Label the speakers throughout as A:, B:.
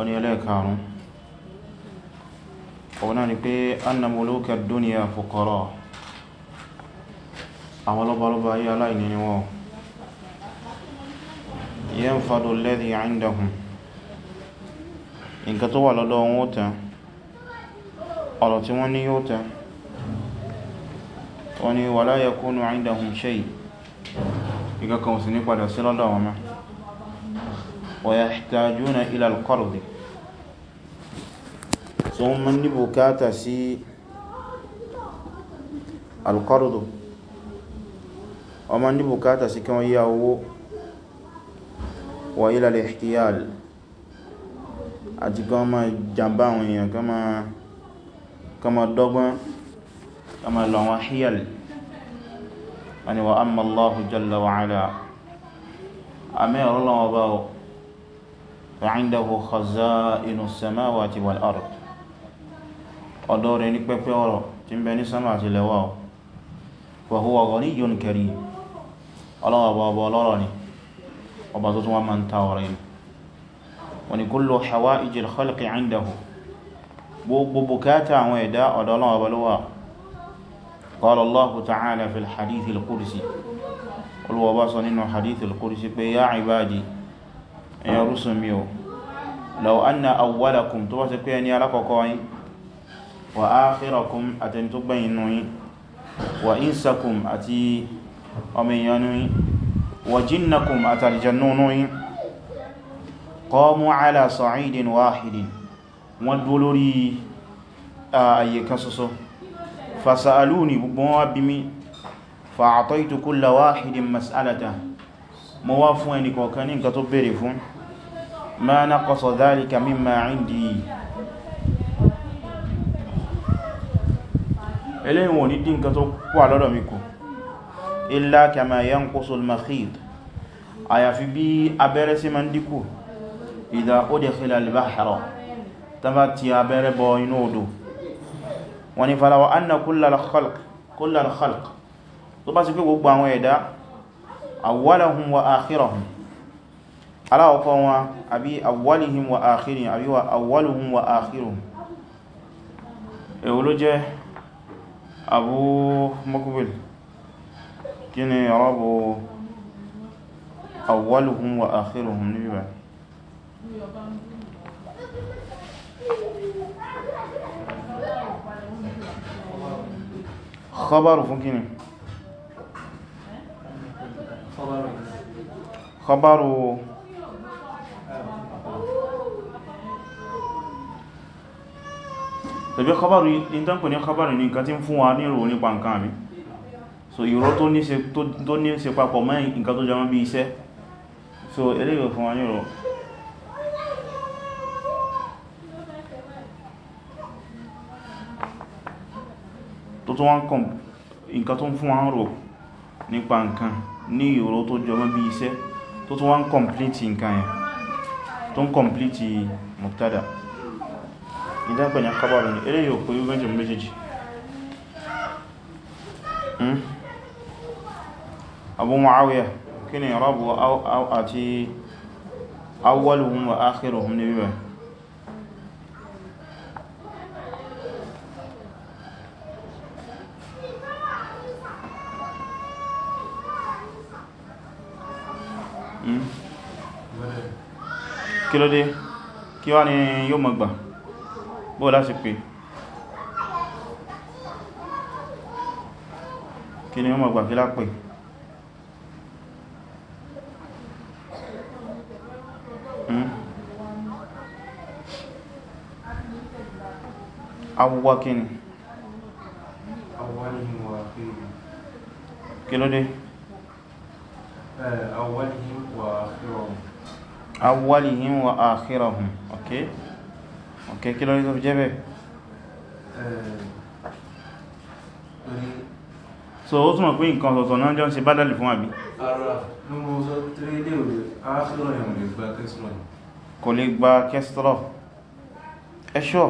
A: ó ní ẹlẹ́ẹ̀karùn òun náà ni pé anna muluka dúnìyà fuqara àwọn lọ́bàlọ́bà ayé aláìní ni wọ́n yanfadu alladhi indahum nǹkan tó wà lọ́dọ̀ wọn ó tán ọ̀rọ̀ tí wọ́n ní yóò tán wọ́n ni wala yakunu indahum shay ìkankan ò ní padà sí lọ́dọ̀ wọn máa ويحتاجون إلى القرض ثم نبكات سي القرض ومن نبكات سي كما يهو وإلى الاحتيال àti kan ma jàmbá àwọn èèyàn kan ma dọ́gbọ́n kan ma lọ àwọn hiyal wani wa Allahu jalla ala a mẹ́rin lọ́wọ́ báwọ̀ وعنده خزائن السماوات والأرض ọ̀dọ̀ rẹ̀ ní pẹ́pẹ́ ọ̀rọ̀ tí ń bẹ ní sánmà àti lẹ́wà ọ̀ wa huwa ghaniyyun karim ọlọ́wọ̀bọ̀ ọba ọlọ́rọ̀ ni ọba tó tún wá ma ń ta ọ̀rẹ́ ni wọ́n ni ẹ̀yàn rúsùn mi o law anna awwalakum tó bá ṣe pé ẹni alákọ̀ọ́kọ́ yín wa akhirakum àtẹni tó gbẹ̀yìn nù yín wa insakum àti ọmọ èèyàn nù yín wa jinnakum àtàlìjànú nù ala sa'idin wahidin wọ́n dúró lórí ààyè kan ṣoṣo fasaluni gbogbo wọn bí mi fa'ataytu kulla wahidin mas'alata mo wá fún ẹni kọ̀ọ̀kan ní nǹkan tó béèrè fún ma naqasa dhalika mimma indi eléyìn wọ̀n ní dín nǹkan tó wà lọ́dọ̀ mi kù illa kama yanqusu al-makhid àyàfi bí abẹ́rẹ́ sí ma ń dínkù idha udkhila al-bahra tàbá ti abẹ́rẹ́ bọ inú fi gbogbo awwalahum wa akhirahum aláwọ̀kọ́ wọn àbí awwalihim wa akhirihim àbí wa awwaluhum wa akhirihum èwo ló jẹ́ abu makbil kí ni rabu awwaluhum wa akhirihum ní bíbá khabaru fún خبر tẹ̀bí kọbárù ìtànkù ní kọbárù ní nǹkan tí ń fún wa ní ìrò nípa nǹkan àmì so ìrò tó ní ṣe papọ̀ mọ́ nǹkan tó jẹmọ́ bí iṣẹ́ so eléyìí fún wa ní ìrò tó tó wọ́n kàn nǹkan tó ń fún wa ń rò nípa ní ìrò tó tún wá ń kọ̀mplítì nǹkan yẹn tó ń kọ̀mplítì mubtada ìdápẹ̀ ní khabar ní eré yóò pé yúgbẹ́jì méjèèjì hmm? Abu Muawiya kí ni ìrọ́bù àti awwaluhum wa akhiruhum ní bíbẹ̀ Hmm? kí ló dé kí wá ní yóò mọ̀ gbà bóò láti pè kí ni yóò mọ̀ gbà kí lápè hmm? awuwa kí ni kí ló dé awwalihim wa akhirahum okay okay kí lórí tó fi jẹ́ bẹ́ẹ̀ eh, so ó túnmọ̀ pé nǹkan ọ̀tọ̀ náà jọ ń ṣe bádàlì fún àbí kò lè gba kẹsìtọ́rọ̀ ẹ̀ṣọ́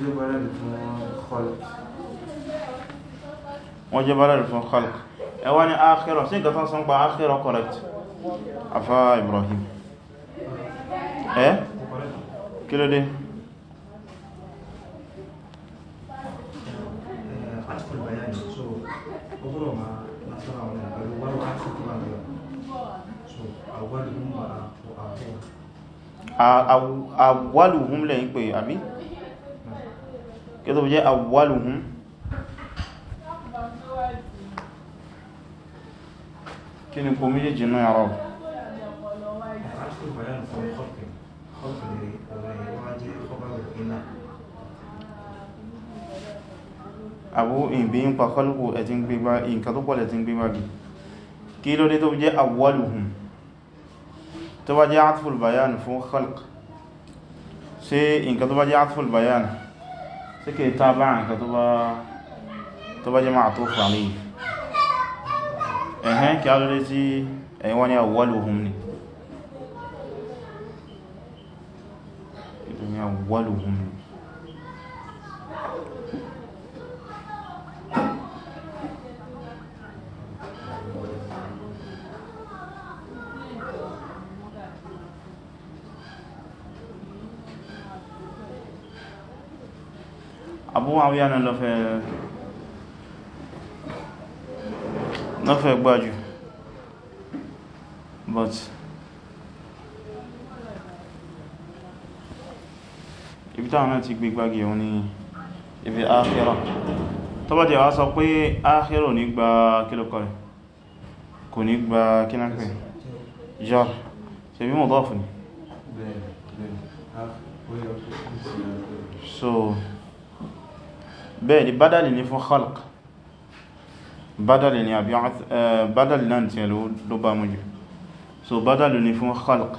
A: jẹ́ bádàlù fún khalq wọ́n jẹ́ bádàlù fún khalq ẹwà ní akhirah sí ìgbàtán sọ ń pa akhirah correct afá Ibrahim ẹ́ kí ló dé àwọ̀lùhúnlẹ̀ ń pè àbí tó fi jẹ́ awwaluhum kí ni kò méjèèjì náà rọ̀ àbú ìbí ń pa kọlùkù ẹ̀tí ń gbégbá ìǹkan tó pọ̀ lẹ̀tí ń gbégbá bí kí ló dé tó jẹ́ awwaluhum tó bá jẹ́ atful bayan fún khalq sí ìǹkan tó bá jẹ́ atful bayan sí kí tá bá nǹkan tó bá jẹ́ máa tó fàmí ẹ̀hẹ́n kí a lórí tí ẹ̀yìn wọ́n ni awwaluhum ni awwaluhum Muawiya náà lọ́fẹ́ gbájú but ibi táwọn náà ti gbé gbági òun ni ibi áhírọ̀ tó bá jẹ́ wá sọ pé áhírọ̀ ní gba kílùkọ́ rẹ̀ kò ní gba kínápẹ̀ jar ṣe bí mọ̀dọ́fù ni so bẹ́ẹ̀ ni badali ni fún khalq badali ni àbí badali náà tí ẹlò ló bá mú jù so badali ni fún khalq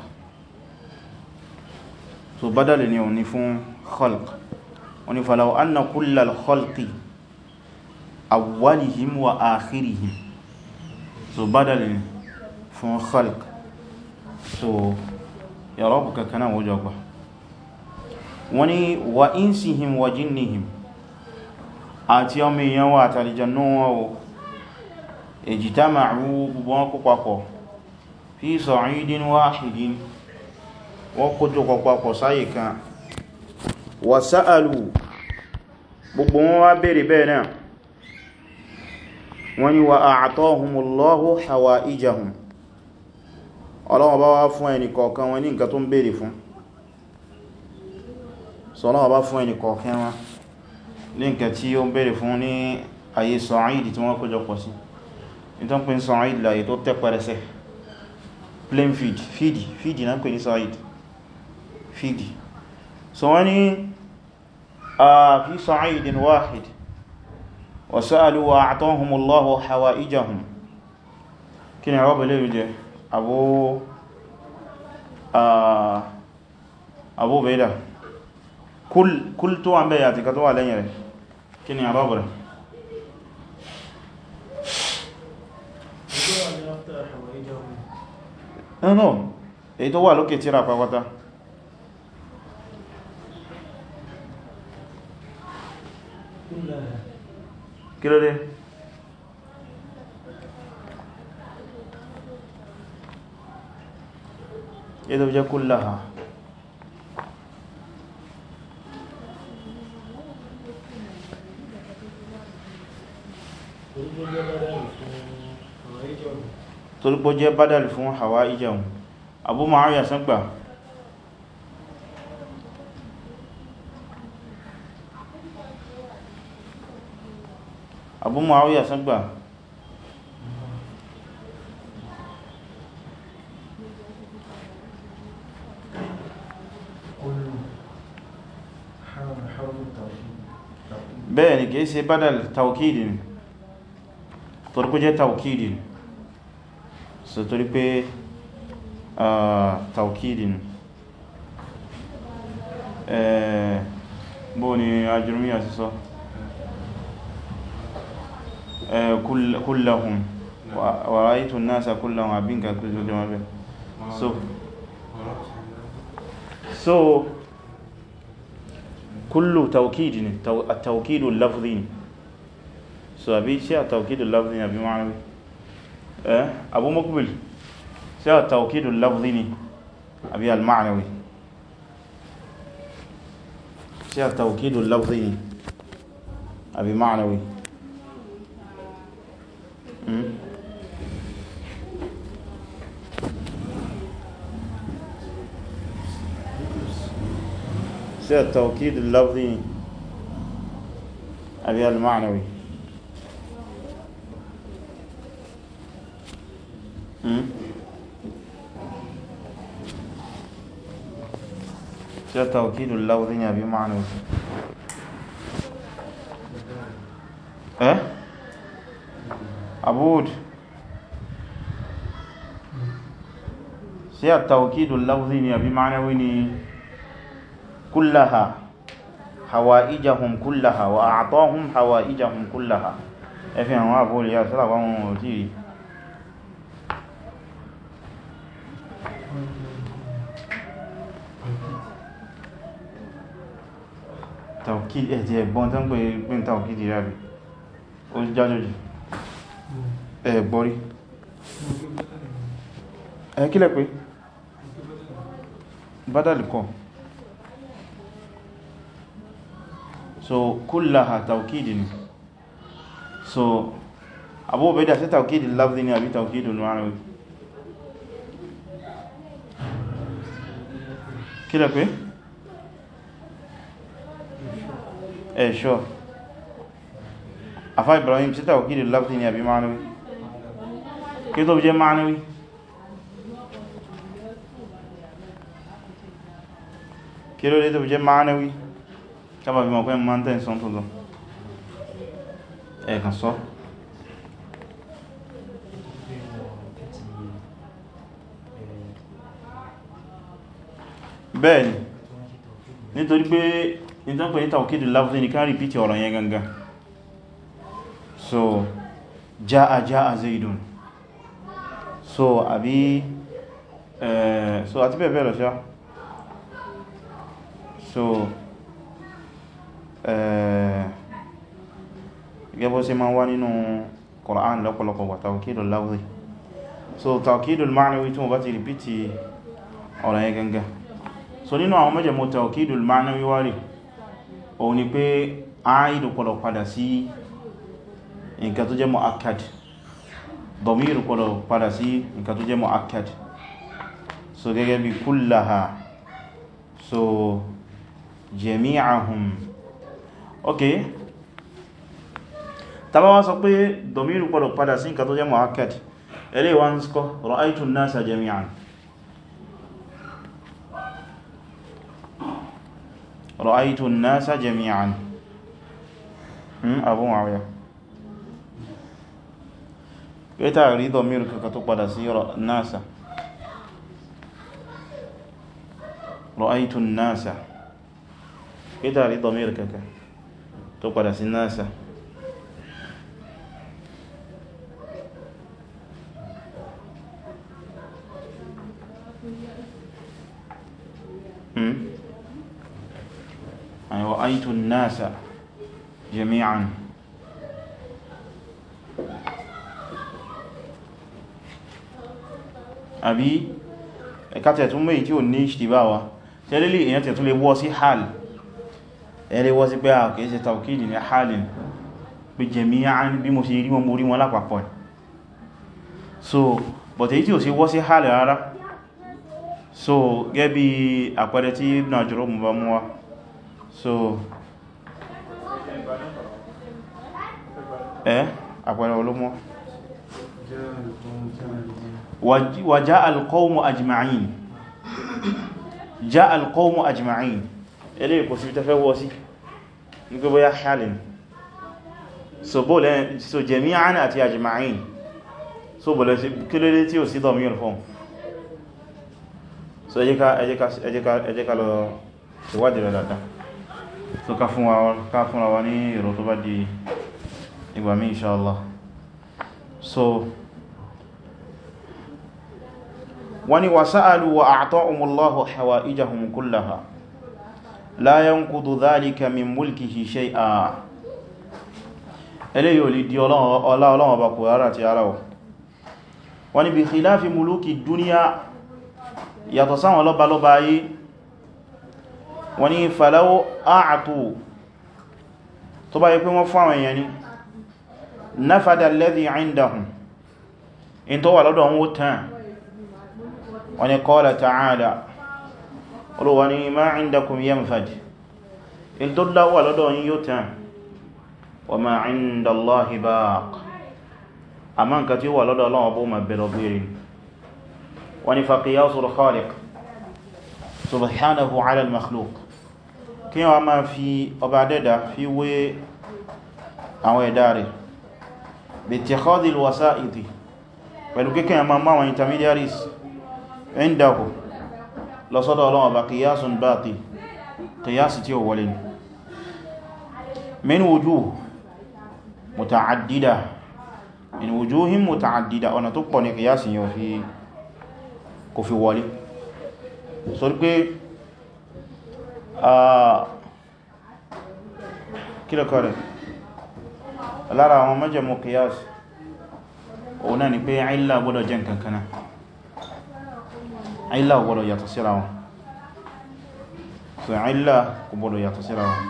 A: so badali ni òní fún khalq òní falaw anna kullal khalqi awwalihim wa akhirihim so badali ni fún khalq so yàrá bukakana wọ́jọ́ gbà wani wa insihim wa jinnihim àti ọmọ èèyàn wà àtàlìjànú wọn o ijtama'u gbogbo wọn papọ̀ fi sa'idin wahidin wọ́n kó tó kọ papọ̀ sáyè kan wa sa'alu gbogbo wọn wá bèèrè bẹ́ẹ̀ náà wọ́n ni wa a'tahumullahu hawa'ijahum Ọlọ́run fún ẹnì kọ̀ọ̀kan ní nǹkan tí ó ń bèèrè fún ní ayé sa'id tí wọ́n kójọpọ̀ sí ìtàn pín sa'id láyé tó tẹ́ plain feed feed feed náà pè ní sa'id feed so wọ́n ni a fi sa'idin wahid wa sa'alu wa a'tahumullahu hawa'ijahum kí ni àwọn bẹ̀lẹ̀ ìjẹ abu abu bẹ̀dà kúl tó wà ń bẹ̀yà àti kàtọ́wà lẹ́yìn rẹ̀ kí ni àrọ́bù rẹ̀ ẹ̀nà èyí tó wà lókè tíra pàpátá kí ló dé èyí tó jẹ́ torí pé ó jẹ́ bádàlì fún hawa ìjẹun Abu Muawiya sángbà Abu Muawiya sángbà bẹ́ẹ̀ ni kìí ṣe bádàlì tàwkìdì torí jẹ́ tàwkìdì so torí pé taukidi ni bó ni ajurmiya ti sọ kullahum wa ra'aytu an-nasa kullahum abinka kullu jama'a so so kullu taukidi ni at-taukidu so àbí ṣe at-taukidu al-lafzi àbí ma'anawi abu mukbil sai a taukidun lafzi ne abi al-ma'anawi sai a taukidun lafzi ne abi ma'anawi sai a taukidun lafzi ne abi al-ma'anawi tí ó tawkidul lafzi ní àbí ma'na ẹ́ abúd sí at-tawkidul lafzi ní àbí ma'nawi ní kullaha hawa'ijahum kullaha wa a'tahum hawa'ijahum kullaha ẹfẹ́ àwọn àbúrẹ̀ yà sọ́lá ò tí rí orchid ẹ̀tì ẹ̀gbọ́n tán pè pín ta orchid rẹ̀ rí ó jájọ́jì ẹ̀gbọ́rí ẹ̀kílẹ̀ pé bádàlìkọ́ so kullaha tawkid ni so Abu Ubaida sí tawkid lafzi ni àbí tawkid ma'nawi kílẹ̀ pé ẹ̀ ṣọ́ afá Ibrahim sí tàwàkìdì láti ní àbí ma'anawi kí tó jẹ́ ma'anawi kí ló dé tó jẹ́ ma'anawi kábà bí mọ̀kún ẹmọ tẹ́ ìsọ́n tó dùn ẹ̀kàn sọ́ bẹ́ẹ̀ni nítorí pé nítorí pé tawkidu lafzi ní ká repeat ọ̀rọ̀ yẹn gangan so jaa jaa zaidun so àbí uh, so àti bẹ́ẹ̀ bẹ́ẹ̀ lọ ṣá so gẹ́bọ́ sí ma wá nínú Qur'an lọ́pọ̀lọpọ̀ wà tawkidu lafzi so tawkidu ma'nawi tí wọ́n bá ti repeat ọ̀rọ̀ yẹn gangan so nínú àwọn mẹ́jẹ̀mọ́ tawkidu ma'nawi wá rí òun ni pé àìdù pọ̀lọ̀ padà sí nǹkan tó jẹ́ mu'akkad dọ̀míìrù pọ̀lọ̀ padà sí nǹkan tó jẹ́ mu'akkad so gẹ́gẹ́ bí kullaha so jami'ahum ok tàbá wá sọ pé dọ̀míìrù pọ̀lọ̀ padà sí nǹkan tó jẹ́ mu'akkad ẹlẹ́wà ń sọ ra'aytu an-nasa jami'an ra'aytu an-nasa jami'an Abu Mu'awiya pẹ́ta rí dọ̀míru kaka tó padà sí nasa ra'aytu an-nasa pẹ́ta rí dọ̀míru kaka tó padà sí nasa رأيت الناس جميعا àbí ẹ̀kátẹ̀tún méjì tí ò ní ìṣtìbáwa tẹ́lẹ̀lẹ̀ èyàn tẹ̀tún lè wọ́ sí hal ẹ̀rẹ́ wọ́ sí pé a kìí ṣe tàukìdì ní halin pé jẹ̀míyàn bí mo ṣe rí mo rí wọn lápapọ̀ so but èyí tí ò sí wọ́ sí hal rárá so gẹ́bí àpẹẹrẹ tí Ibn Jurayj mú bá mú wa so ẹ́ eh? àpẹẹrẹ olómọ́ wa já alqawmu ajma'in já alqawmu ajma'in ilé ìkò sí tafẹ́ wọ́ sí ní gbogbo ya halin so bọ́ọ̀lẹ́ so jami'an àti ajma'in so bọ́ọ̀lẹ́ sí kílódé tí ó sí domin fún so ẹjẹ́ká lọ ìwádìí rẹ̀ dáadáa so ká fúnra wa ní èrò tó bá di ìgbà mí inṣáàlá so wọ́n ni wasa'alu wa a'ta'umullahu hawa'ijahum kullaha la yanqudu dhalika min mulkihi shay'a eléyìí ò lè di ọlá Ọlọ́run bá kò ti ara wọ́n ni bí khilafi muluki dúníyà yàtọ̀ sáwọn lọ́balọ́ba ayé wọ́n ní falaw a'tu tó bá yí pé wọ́n fún àwọn èèyàn ní nafada alladhi 'indahum in tó wà lọ́dọ̀ wọn tán wọ́n ní qala ta'ala olówà ní ma 'indakum yanfad in tó dáwà lọ́dọ̀ yí tán wọ́n ní fa qiyasul khaliq subhanahu ala kí wọ́n máa fi ọba dẹ́dà fi wé àwọn ẹ̀dá rẹ̀ bí ittikhadil wasa'iti pẹ̀lú kíkẹ́ ma máa wọn intermediaries indahu lọ́sọ́dọ̀ ọlọ́wọ́ bá qiyasun bati qiyasi tí ó wọlé ní min wujuh muta'addida min pé kílọ̀kọ́ rẹ̀ lára àwọn mẹ́jẹ̀mú kìyàsì òun náà ni pé àìlà gbọ́dọ̀ jẹ́ nǹkankaná àìlà gbọ́dọ̀ yàtọ̀ síra wọn so àìlà kò gbọ́dọ̀ yàtọ̀ síra wọn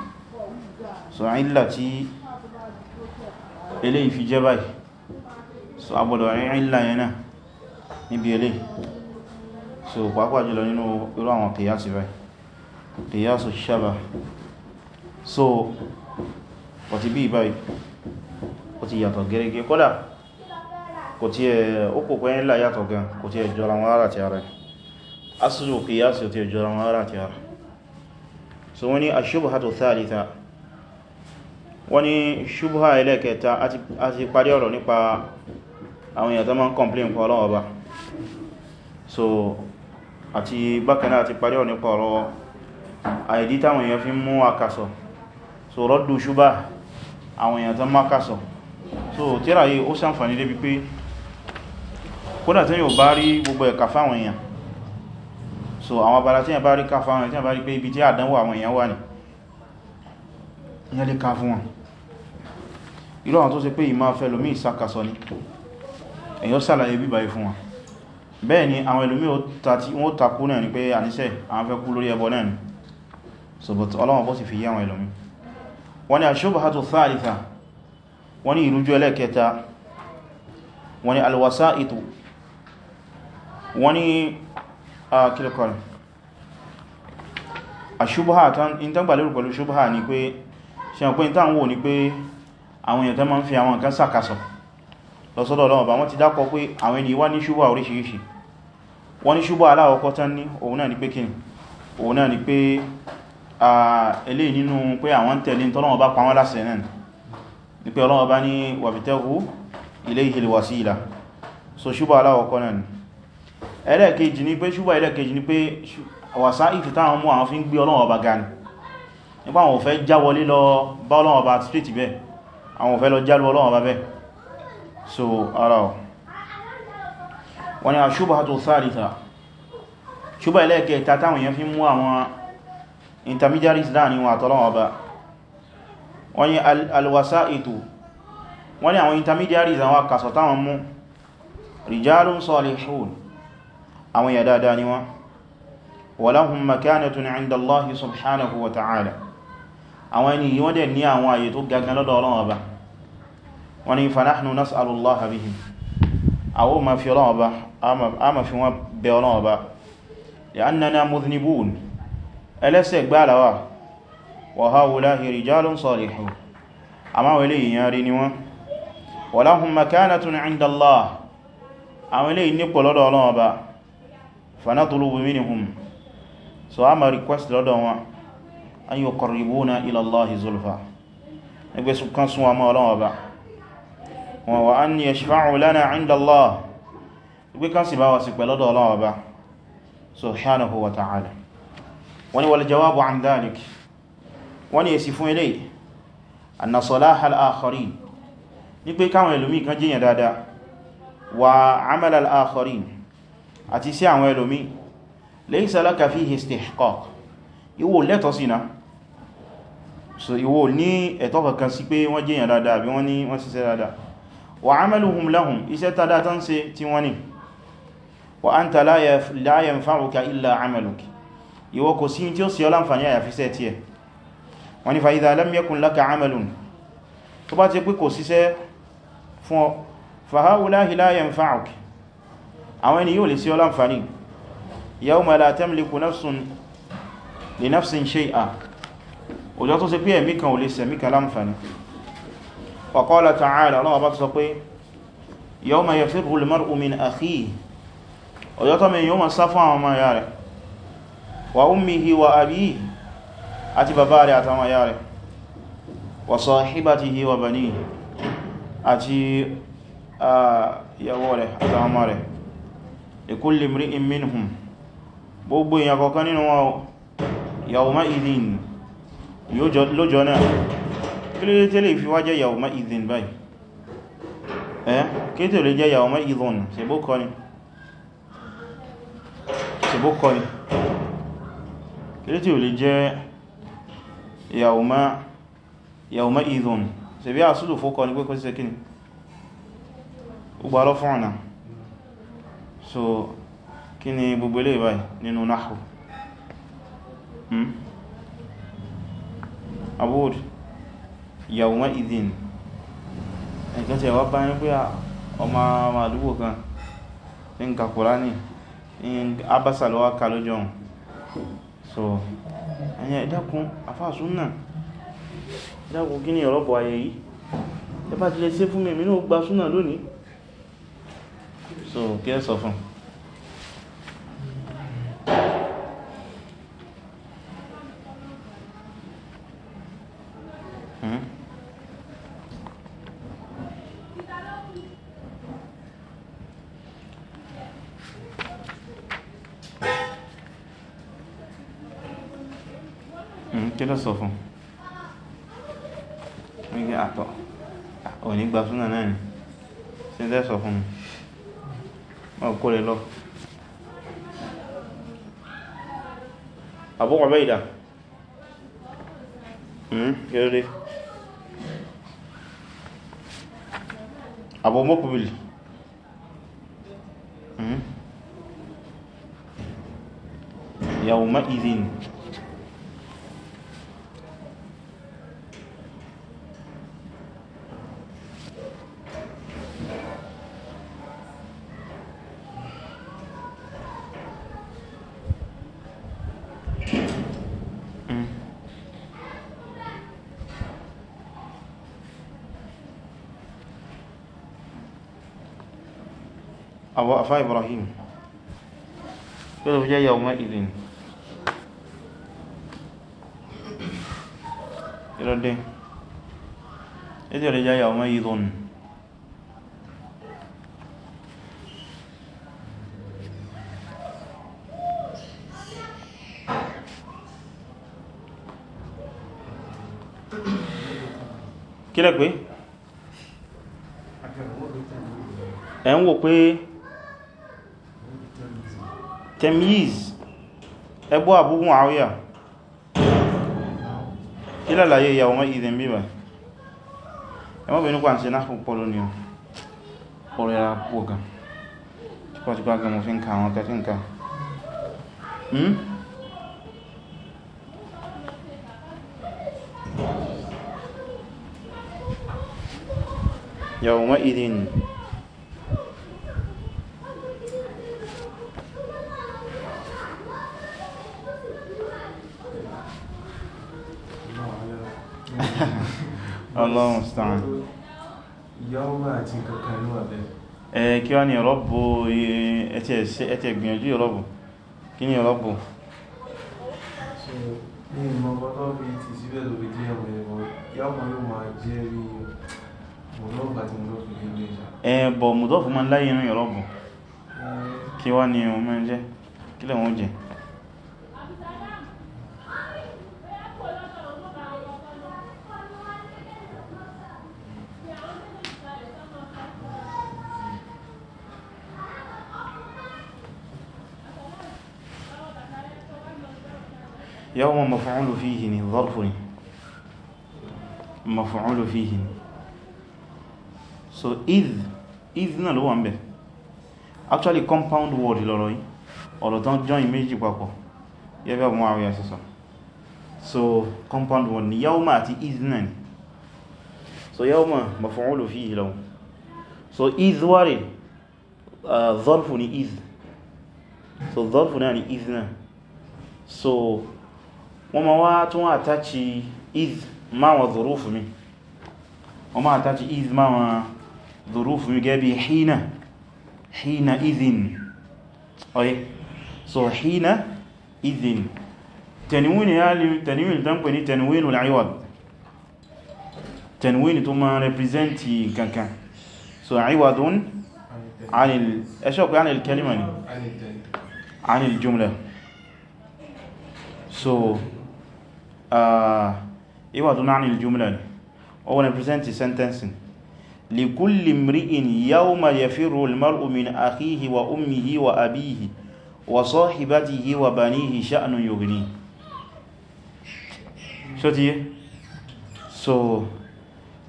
A: so àìlà tí eléyìí fi jẹ́ báyìí so agbọ́dọ̀ àìlà yẹn náà níbi eléyìí so pàápàá jùlọ nínú irú àwọn kìyàsì báyìí kìyàsù ṣàbà so wọ́n ti bí ìbáyìí ó ti yàtọ̀ gẹ́gẹ́ kọ́lá kò tí ẹ okòkò ẹ̀ ńlá yàtọ̀ gan kò tí ẹ jọra wọn ara ti ara asìlò kìyàsù tí ẹ jọra wọn ara ti ara so wọ́n ni aṣubuhatu thalitha wọ́n ni ṣubuha ẹlẹ́kẹta àti parí ọ̀rọ̀ nípa àwọn èèyàn tó máa ń complain fún ọlọ́wọ́ ba so àti bákanáà àti parí ọ̀rọ̀ nípa àìdí táwọn èèyàn fi mú àkàsọ̀ so rọ́dù ṣúbà àwọn èèyàn tán mákàsọ̀ so tíra yìí ó sàǹfàní débi pé kódà tí yóò bá rí gbogbo ẹ̀kà fáwọn èèyàn so àwọn abala tí yàn bá rí ká fáwọn èèyàn tí yàn bá rí pé ibi tí àdánwò àwọn èèyàn wà ní ìyàn lè ká fún wọn irú àwọn tó ṣe pé ìmá fẹ́ lómí ìsákàsọ ni èyàn sàlàyé bíbáyé fún wọn bẹ́ẹ̀ ni àwọn ẹlòmí ó takú náà ni pé àníṣẹ́ àwọn fẹ́ kú lórí ẹbọ náà ni so but ọlọ́wọ́n bó sì fi yáwọn ẹlòmí wọ́n ni aṣubhatu thalitha wọ́n ni ìrújú ẹlẹ́kẹta wọ́n ni alwasa'itu wọ́n ni kílùkọ̀rì aṣubha in tán gbàlérù pẹ̀lú ṣubha ni pé ṣe ọ̀pẹ́ in tán wò ní pé àwọn èèyàn tán máa ń fi àwọn nǹkan sàkásọ̀ lọ́sọ́dọ̀ ọlọ́wọ́ bá wọ́n ti dákọ pé àwọn ènìyàn wá ní ṣubha oríṣiríṣi wọ́n ní ṣubha aláwọ̀kọ́ tán ní òun náà ni pé kíni ilé nínú pé àwọn tẹ̀lé tọ́lọ́wọ́ bá pàwọn lásẹ̀ náà ni pé ọlọ́wọ́ bá ní wàbítẹ́kù ilayhi alwasila so ṣúbà aláwọ̀kọ́ náà ẹlẹ́ẹ̀kejì ni pé ṣúbà ẹlẹ́ẹ̀kejì ni pé wàsá ìfì táwọn mú àwọn fi ń gbé ọlọ́wọ́ bá gani nípa àwọn òfẹ́ já wọlé lọ bá ọlọ́wọ́ bá street bẹ́ àwọn òfẹ́ lọ já lọ ọlọ́wọ́ bá bẹ́ so ara ọ̀ wọ́n ni a ṣúbà tó sáàrìta ṣúbà ẹlẹ́ẹ̀kẹta táwọn èèyàn fi mú àwọn intermediaries láàrin wọn àtọ́lọ́wọ́ ọba wọ́n ni alwasaitu wọ́n ni àwọn intermediaries àwọn akasọ̀ táwọn mú rijalun salihun àwọn yà dáadáa ni wọ́n wa lahum makanatun 'inda Allahi subhanahu wa ta'ala àwọn ẹni yíwọ́n dẹ̀ ní àwọn àyè tó gagan lọ́dọ̀ Ọlọ́run ọba wọ́n ni fa nahnu nas'alu Allaha bihim ẹlẹ́sẹ̀ gbáàlàwà wa ha'ula'i rijalun salihun àmá wẹlé ìyàrí ni wọ́n wa lahum makanatun 'inda Allah àwọn ilé ìnípò lọ́dọ̀ Ọlọ́run Ọba fanatulubu minhum so a ma request lọ́dọ̀ wọn an yuqarribuna ila Allahi zulfa ẹgbẹ́ sùkan sún àmọ́ Ọlọ́run Ọba wọn wa an yashfa'u lana 'inda ẹgbẹ́ kan sì bá wa sì pẹ̀lọ́dọ̀ Ọlọ́run Ọba subhanahu wa ta'ala wọ́n ni wal jawabu an dhalik wọ́n ni èsì fún ilé anna salaha al-akharin ní pé káwọn ẹlòmí kan jíyàn dáadáa wa amal al-akharin àti sí àwọn ẹlòmí laysa laka fihi istihqaq ìwò lẹ́tọ̀ sí na so ìwò ní ẹ̀tọ́ kankan sí pé wọ́n jíyàn dáadáa bí wọ́n ní wọ́n ṣiṣẹ́ dáadáa wa amaluhum lahum iṣẹ́ tàdátán ṣe tí wọ́n ni wa anta la yanfa'uka illa amaluki ìwọ kò sí tí ó sí ọlánfàní àyàfisẹ́ tí ẹ wọ́n ni fàídà alámiyẹkùn láka amalun tó bá ti pé kò síṣẹ́ fún ọ fàháwùlá hilayen fa'ok àwọn ẹni yóò lè sí ọlánfàní yawma la tamliku nafsun li nafsin shay'a ọjọ́ tó ṣe pé ẹ̀mí kan ò lè yóò ma sá fún àwọn ọmọ ya rẹ̀ wa ummihi wa abihi àti bàbá rẹ̀ àtàwọn ayá rẹ̀ wa sahibatihi wa banihi àti ìyàwó rẹ̀ àtàwọn ọmọ rẹ̀ li kulli imri'in minhum gbogbo èyàn kọ̀ọ̀kan nínú wọn yawma idhin lójọ náà kí lè tẹ́lẹ̀ fi wájẹ́ yawma idhin báyìí ẹ́ kí tẹ́lẹ̀ jẹ́ yawma idhin ṣe bó kọ́ ni tí ó lè jẹ́ yàwùmá ìdùn ṣe bí àsúlù fókọ ní pé kó sí sẹ́kíní ugbàrọ fún ọ̀nà so kí ni gbogbo ilé ìbáyìí nínú náhù hmm? abúd yàwùmá ìdùn ẹ̀kẹ́ tẹ̀wà bá ní pé ọmọ àdúgbò kan ní kakùrá ní abásàlọ́wà kalójọ́ so ẹ̀yà ẹ̀dàkùn àfáàsún náà ẹ̀dàkùn kí ni ọ̀rọ̀bọ̀ ayẹ yìí ẹ bá ti lè ṣe fún mi mi náà gba súnà lónìí so kí ẹ sọ fún fẹ́ sọ fún ní kí àtọ̀ òní gba súnà náà ni sí ń tẹ́ sọ fún mọ́ kó lè lọ Abu Ubaida gẹ́rẹ́rẹ́ Abu Muqbil yawma idhin àfá Ibrahim tó lọ fi jẹ́ yàwó mẹ́ìdì ni ìrọ̀dẹ́ ìdíọ̀dẹ́ jẹ́ yàwó mẹ́ìdì ẹ̀ ń wò pé temyiz ẹgbọ́ Abu Muawiya kí lálàyé ìyàwó mọ́ ìdìn bíbà ẹmọ́ bẹ̀rẹ̀ nípa ṣe náà púpọ̀ lónìí ọ̀rẹ́ ara púpọ̀ gan tipatipa gan mo fi ń ka àwọn kẹtí ń ka yàwó mọ́ ìdìn musta'an kí wá ní rọ́bù ẹ̀tẹ̀ gbìyànjú rọ́bù kí ní rọ́bù
B: ní ìmọ̀gbọ́n tó bí ti síbẹ̀ ló bí díẹ̀ mọ̀ ẹ̀bọ̀ yàwó yóò máa jẹ́ rí mọ̀lọ́gbà tí mọ̀lọ́gbà
A: ní ilé ìṣà ẹ̀bọ̀ máa láyé rìn rọ́bù kí wá ní ọmọ ẹjẹ́ kí lẹ́wọ́n yawma مفعول fihi ni مفعول ni so إذ idh náà ló wà actually compound word لروي yìí ọ̀rọ̀ tán join méjì papọ̀ yẹ́bẹ̀ ọmọ àwẹ̀ àṣẹsọ so compound word ni أتي àti idh so yawma مفعول fihi lahu so إذ واري zarfu إذ so zarfu يعني ni idh so wọ́n ma wá tún àtàchì idh máwọn dhurufu mi wọ́n ma àtàchì idh máwọn dhurufu mi gẹ́bí hína hína idhin ọ̀yẹ́ okay. so hína idhin tanwini ya lè tanwini tán pè ní tanwini al-iwad tanwini tó ma representi kankan so iwadun anil ẹ̀ṣọ́ so ìwà tó náà ní ìjúmìlẹ̀ ni ó wọ́n represent sentencing likulli mri'in yawma yafiru almar'u min akhihi wa ummihi wa abihi wa sahibatihi wa banihi sha'nun yughni so ti so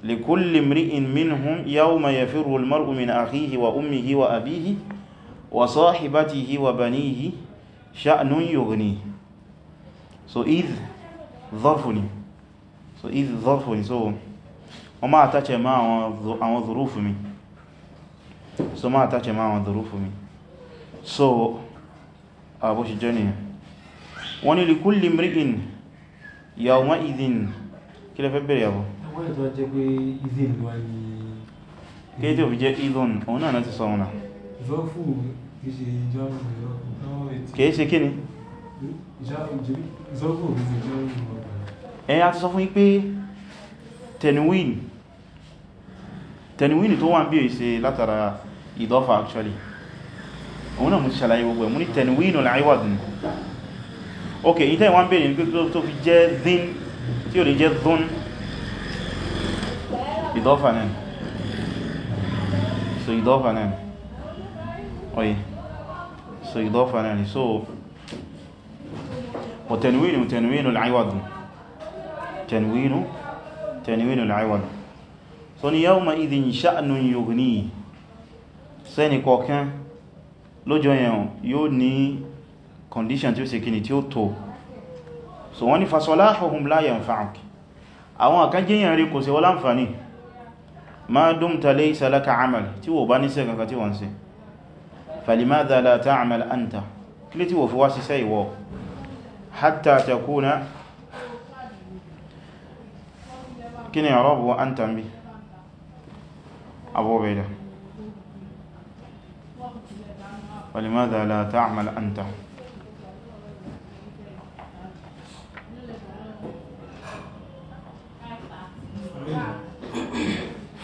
A: likulli mri'in minhum yawma yafiru almar'u min akhihi wa ummihi wa abihi wa sahibatihi wa banihi sha'nun yughni so idh zarfu ni so if zarfu ni so wọ́n máa tàchẹ ma àwọn dhurufu mi so máa tàchẹ ma àwọn dhurufu mi so àbò ṣe jẹ́ nìyàn wọ́n ni likulli mri'in yawma idhin kí lẹ fẹ́ bẹ̀rẹ̀ yàwó
B: kí tí ó fi jẹ́ idhin òun náà ti sọ wọn náà kìí ṣe kí ni ẹ̀yà
A: ti sọ fún yín pé tenwin tenwin tó wà ń bí èsè látara ìdọ́fà actually òun náà mú ti ṣàlàyé gbogbo ẹ̀ mú ní tenwin ò láìwàd ní ok yí tẹ́ wọ́n bèèrè ní pé tó fi jẹ́ zin tí ó lè jẹ́ zun ìdọ́fà náà so ìdọ́fà náà oye so ìdọ́fà náà so وتنوين تنوين العوض تنوين تنوين العوض so ni yawma idhin sha'nun yughni sẹ́ni kọ̀ọ̀kan lọ́jọ́ yẹn yóò ní condition tí ó ṣe kíni tí ó tó so wọ́n ni fasalahuhum la yanfa'uk àwọn àkájíyàn rí kò sí wọ́n láǹfàní ma dumta laysa laka amal tí wò bá ní sẹ́ kankan tí wọ́n sí falimadha la ta'mal anta kí lé tí wò fi wá sí sẹ́ ìwọ̀ حتى تكون كن يعرب وأنت به أبو عبيدة ولماذا لا تعمل أنت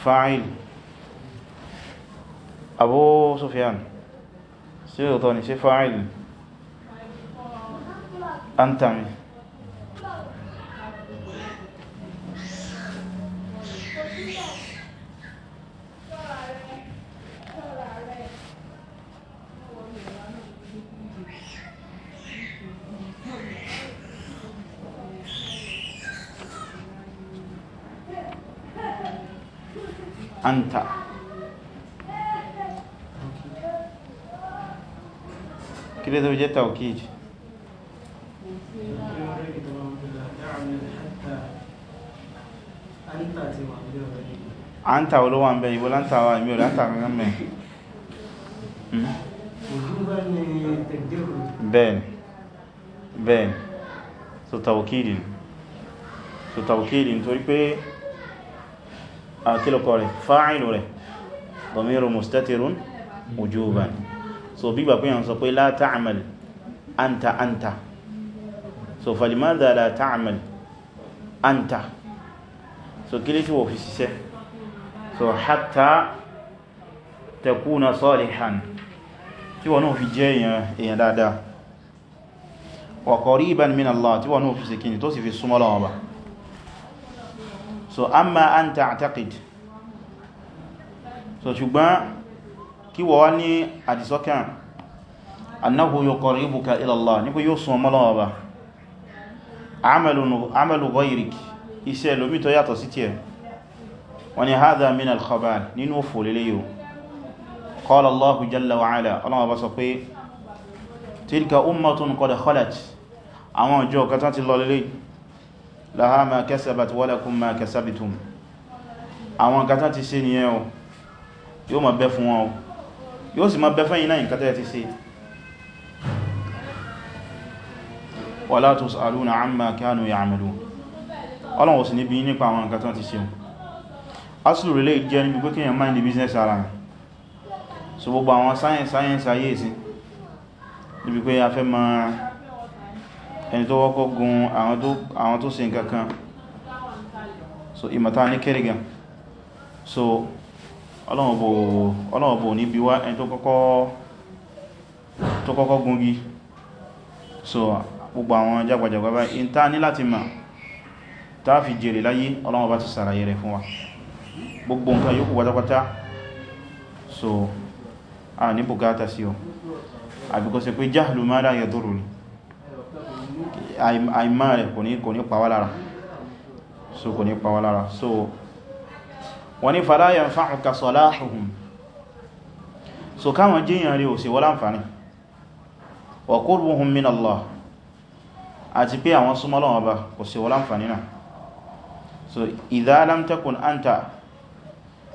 A: فاعل أبو سفيان سيغطاني سي فاعل Antami. Anta. Querido, eu é o à ń ta olówó àmì ìwọ láńtà wa ìmí ò láńtà kankan mẹ́ hmm? bẹ́ẹ̀ni bẹ́ẹ̀ni so tawkili so tawkili nítorí pé àkílọ̀kọ̀ rẹ̀ fa'ilu rẹ̀ domiru mustatirun wujuban so bí gbà pé yàn sọ pé la ta'amal anta anta so falimada la anta so kí lè tí wọ́n fi ṣiṣẹ́ so hatta takuna salihan tí wọ́n náà fi jẹ́ èèyàn dáadáa wa qariban min Allah tí wọ́n náà fi sikini tó sì fi súnmọ́ lọ́wọ́ ba so amma an ta'taqid so ṣùgbọ́n kí wọ́n ní àdìsọ́kàn annahu yuqarribuka ila Allah nípo yóò súnmọ́ lọ́wọ́ ba amalu ghayrik iṣẹ́ lómi tó yàtọ̀ sí tiẹ̀ wọ́n ni hadha min al-khabal nínú òfò lélé yóò qala Allahu jalla wa ala ọlọ́wọ́ bá sọ pé tilka ummatun qad khalat àwọn ọjọ́ kátà ti lọ lélé laha ma kasabat wa lakum ma kasabtum àwọn kátà ti ṣe nìyẹn o yóò ma bẹ́ fún wọn o yóò sì ma bẹ́ fẹ́yìn náà kátà ti ṣe wala tus'aluna amma kanu ya'malun ọlọ́wọ́ sì níbi nípa àwọn kátà ti ṣe wọn asìlò relate jẹ́ níbi pé kíyàn mind the business ara rẹ̀ so gbogbo àwọn science science ayé ìsí níbi pé a fẹ́ ma ẹni tó wọ́kọ́ gun àwọn tó ṣe nǹkan so ìmọ̀ta ní kẹrìgàn so ọlọ́wọ̀bò ní bí wá ẹni tó kọ́kọ́ gungi so gbogbo àwọn jagbajagba báyìí in ta ní láti ma ta fi jèrè láyé ọlọ́wọ̀ bá ti sàràyẹ rẹ̀ fún wa gbogbo nǹkan yòókù pátápátá so a ní bùkátà sí o àbíkọ́ sí pé jahlu ma la yadurru ni àìmá rẹ̀ kò ní pàwà lára so kò ní pàwà lára so wọ́n ní fala yanfa'uka salahuhum so káwọn jíyàn rí ò sí wọ́n láǹfàní wa qurbuhum min Allah àti pé àwọn súnmọ́lọ́wọ́ bá kò sí wọ́n láǹfàní náà so idha lam anta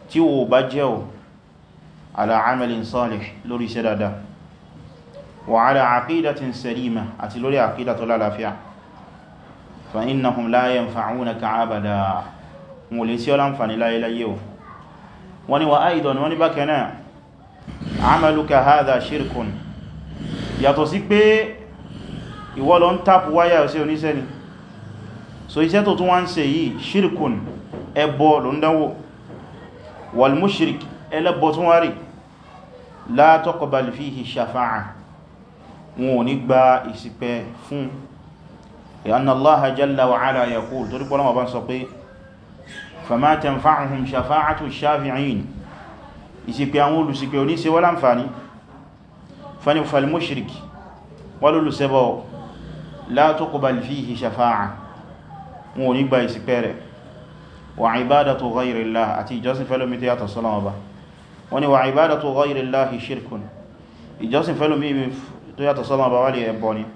A: tí wo bá jẹ́ o ala amalin salih lórí iṣẹ́ dáadáa wa ala aqidatin salima àti lórí aqida tó lálàáfíà fa innahum la yanfa'unaka abada wọn lè sí ọlánfàní láyéláyé o wani wa aidan wani bákaná amaluka hadha shirkun sí pé ìwọ lọ ń ni so iṣẹ́ tó wal mushrik ẹlẹ́bọ̀ tún wárí la tuqbal fihi shafa'a wọn ò ní gba ìṣìpẹ̀ fún anna Allaha jalla wa ala yaqul torí pọ́lọ́wọ́ bá ń sọ pé fama tanfa'uhum shafa'atu shafi'in ìṣìpẹ̀ àwọn olùṣìpẹ̀ oníṣẹ́ wọ́n láǹfàní fani falmushrik wọ́n lólùsẹ́bọ̀ la tuqbal fihi shafa'a wọn ò ní gba ìṣìpẹ̀ rẹ̀ wa ibadatu ghayrillah àti ìjọsìn fẹ́lómi tó yàtọ̀ sọ́lọ́ ọba wọ́n ni wa ibadatu ghayrillah shirkun ìjọsìn fẹ́lómi tó yàtọ̀ sọ́lọ́ ọba wà lè ẹbọ ni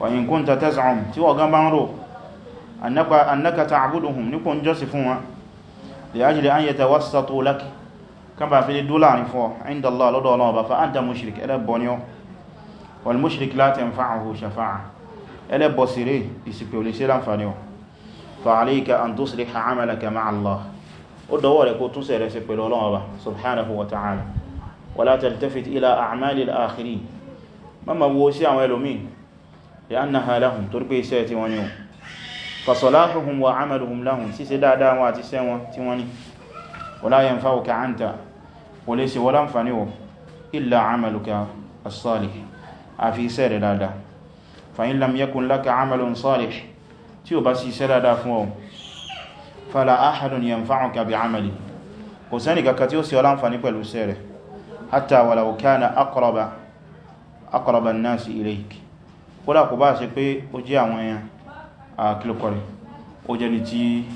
A: wa in kunta taz'um tí wọ́n gan bá ń rò annaka ta'buduhum nípò ń jọ́sìn fún wọn li ajli an yatawassatu lak kan ba fi dúlà ní fọ́ inda Allah lọ́dọ̀ ọlọ́wọ́ ba fa فعليك أن تصلح عملك مع الله ودوار يكون تسير سبحانه وتعالى ولا تلتفت إلى أعمال الآخرين مما بوسيع ويلومين لأنها لهم تربي سيتي ونيو فصلاحهم وعملهم لهم سيسدا داوا تسوا تيواني ولا ينفعك أنت وليس ولا ينفعنيه إلا عملك الصالح أفي سير دادا فإن لم يكن لك عمل صالح tí ó bá sì iṣẹ́ dáadáa fún ọ fala ahadun yanfa'uka bi'amali kò sẹ́ni kankan tí ó sì ọláǹfàní pẹ̀lú iṣẹ́ rẹ̀ hatta walau kana aqraba aqraba an-nasi ilayk kódà kò bá ṣe pé ó jẹ́ àwọn èèyàn àkílùkọrì ó jẹ́ ni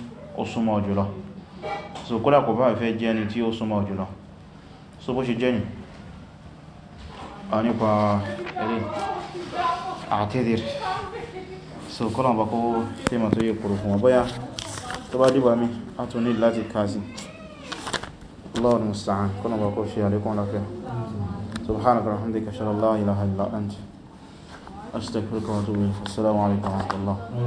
A: so kọ́lọ̀n bá kọ́wọ́ tí ma tó yẹ kòrò fún ọbọ́yá tó bá dìbà mí a tó ní láti kásí lọ́rùn sàn kọ́lọ̀n bá kọ́ ṣe àríkún láfẹ́ subhanaka wa hamdika